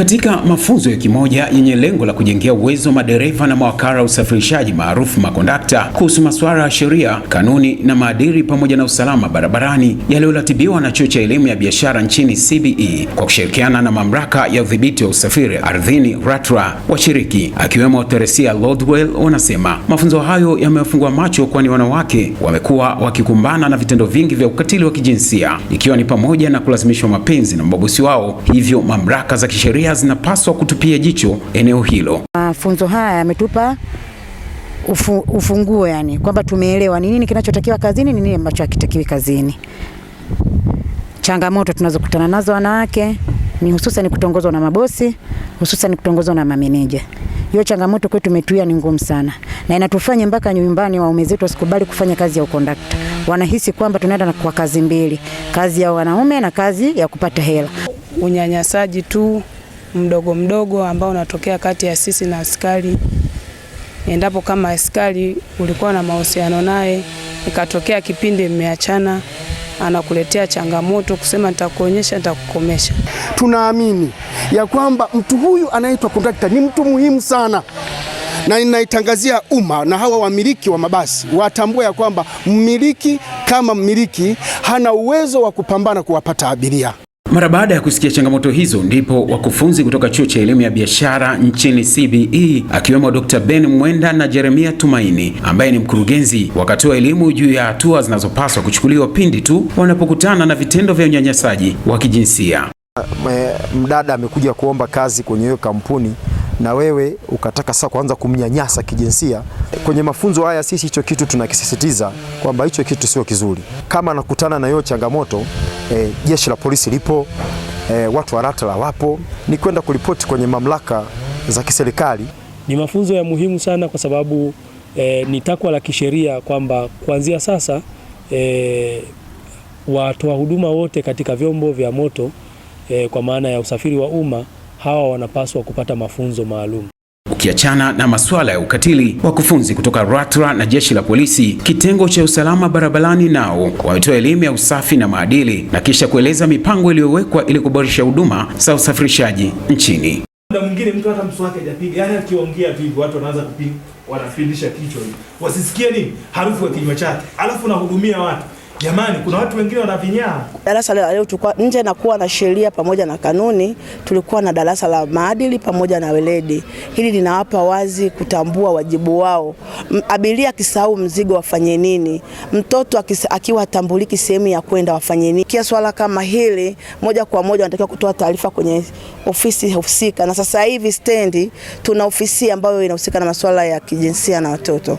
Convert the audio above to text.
Katika mafunzo ya wiki moja yenye lengo la kujengea uwezo madereva na mawakala usafirishaji maarufu makondakta kuhusu masuala ya sheria, kanuni na maadili pamoja na usalama barabarani yaliyoratibiwa na Chuo cha Elimu ya Biashara nchini CBE kwa kushirikiana na Mamlaka ya Udhibiti wa Usafiri Ardhini ratra washiriki akiwemo teresia Lodwell wanasema mafunzo hayo yamefungua macho, kwani wanawake wamekuwa wakikumbana na vitendo vingi vya ukatili wa kijinsia ikiwa ni pamoja na kulazimishwa mapenzi na mabosi wao, hivyo mamlaka za kisheria pia zinapaswa kutupia jicho eneo hilo. Mafunzo haya yametupa ufu, ufunguo yani kwamba tumeelewa ni nini kinachotakiwa kazini, ni nini ambacho hakitakiwi kazini. Changamoto tunazokutana nazo wanawake ni hususan kutongozwa na mabosi, hususan kutongozwa na mameneja. Hiyo changamoto kwetu imetuia ni ngumu sana, na inatufanya mpaka nyumbani waume zetu wasikubali kufanya kazi ya ukondakta. Wanahisi kwamba tunaenda kwa kazi mbili, kazi ya wanaume na kazi ya kupata hela. Unyanyasaji tu mdogo mdogo ambao unatokea kati ya sisi na askari. Endapo kama askari ulikuwa na mahusiano naye, ikatokea kipindi mmeachana, anakuletea changamoto kusema nitakuonyesha, nitakukomesha. Tunaamini ya kwamba mtu huyu anaitwa kondakta ni mtu muhimu sana na ninaitangazia umma na hawa wamiliki wa mabasi watambue ya kwamba mmiliki kama mmiliki hana uwezo wa kupambana kuwapata abiria. Mara baada ya kusikia changamoto hizo, ndipo wakufunzi kutoka chuo cha elimu ya biashara nchini CBE akiwemo Dr. Ben Mwenda na Jeremia Tumaini ambaye ni mkurugenzi wakatoa elimu juu ya hatua zinazopaswa kuchukuliwa pindi tu wanapokutana na vitendo vya unyanyasaji wa kijinsia. Mdada amekuja kuomba kazi kwenye hiyo kampuni na wewe ukataka sasa kuanza kumnyanyasa kijinsia. Kwenye mafunzo haya sisi hicho kitu tunakisisitiza kwamba hicho kitu sio kizuri. Kama anakutana na hiyo changamoto e, jeshi la polisi lipo e, watu wa LATRA wapo, ni kwenda kuripoti kwenye mamlaka za kiserikali. Ni mafunzo ya muhimu sana kwa sababu e, ni takwa la kisheria kwamba kuanzia sasa e, watoa huduma wote katika vyombo vya moto e, kwa maana ya usafiri wa umma hawa wanapaswa kupata mafunzo maalum wakiachana na masuala ya ukatili, wakufunzi kutoka RATRA na jeshi la polisi kitengo cha usalama barabarani nao wametoa elimu ya usafi na maadili na kisha kueleza mipango iliyowekwa ili kuboresha huduma za usafirishaji nchini. Muda mwingine mtu hata mswaki hajapiga, yani akiongea tu watu wanaanza kupiga, wanafindisha kichwa hivi, wasisikie nini harufu ya kinywa chake, alafu nahudumia watu Jamani, kuna watu wengine wana vinyaa. Darasa la leo tulikuwa nje na kuwa na sheria pamoja na kanuni, tulikuwa na darasa la maadili pamoja na weledi. Hili linawapa wazi kutambua wajibu wao. Abiria akisahau mzigo wafanye nini? Mtoto akiwa atambuliki sehemu ya kwenda wafanye nini? Kia swala kama hili, moja kwa moja wanatakiwa kutoa taarifa kwenye ofisi husika, na sasa hivi stendi tuna ofisi ambayo inahusika na masuala ya kijinsia na watoto.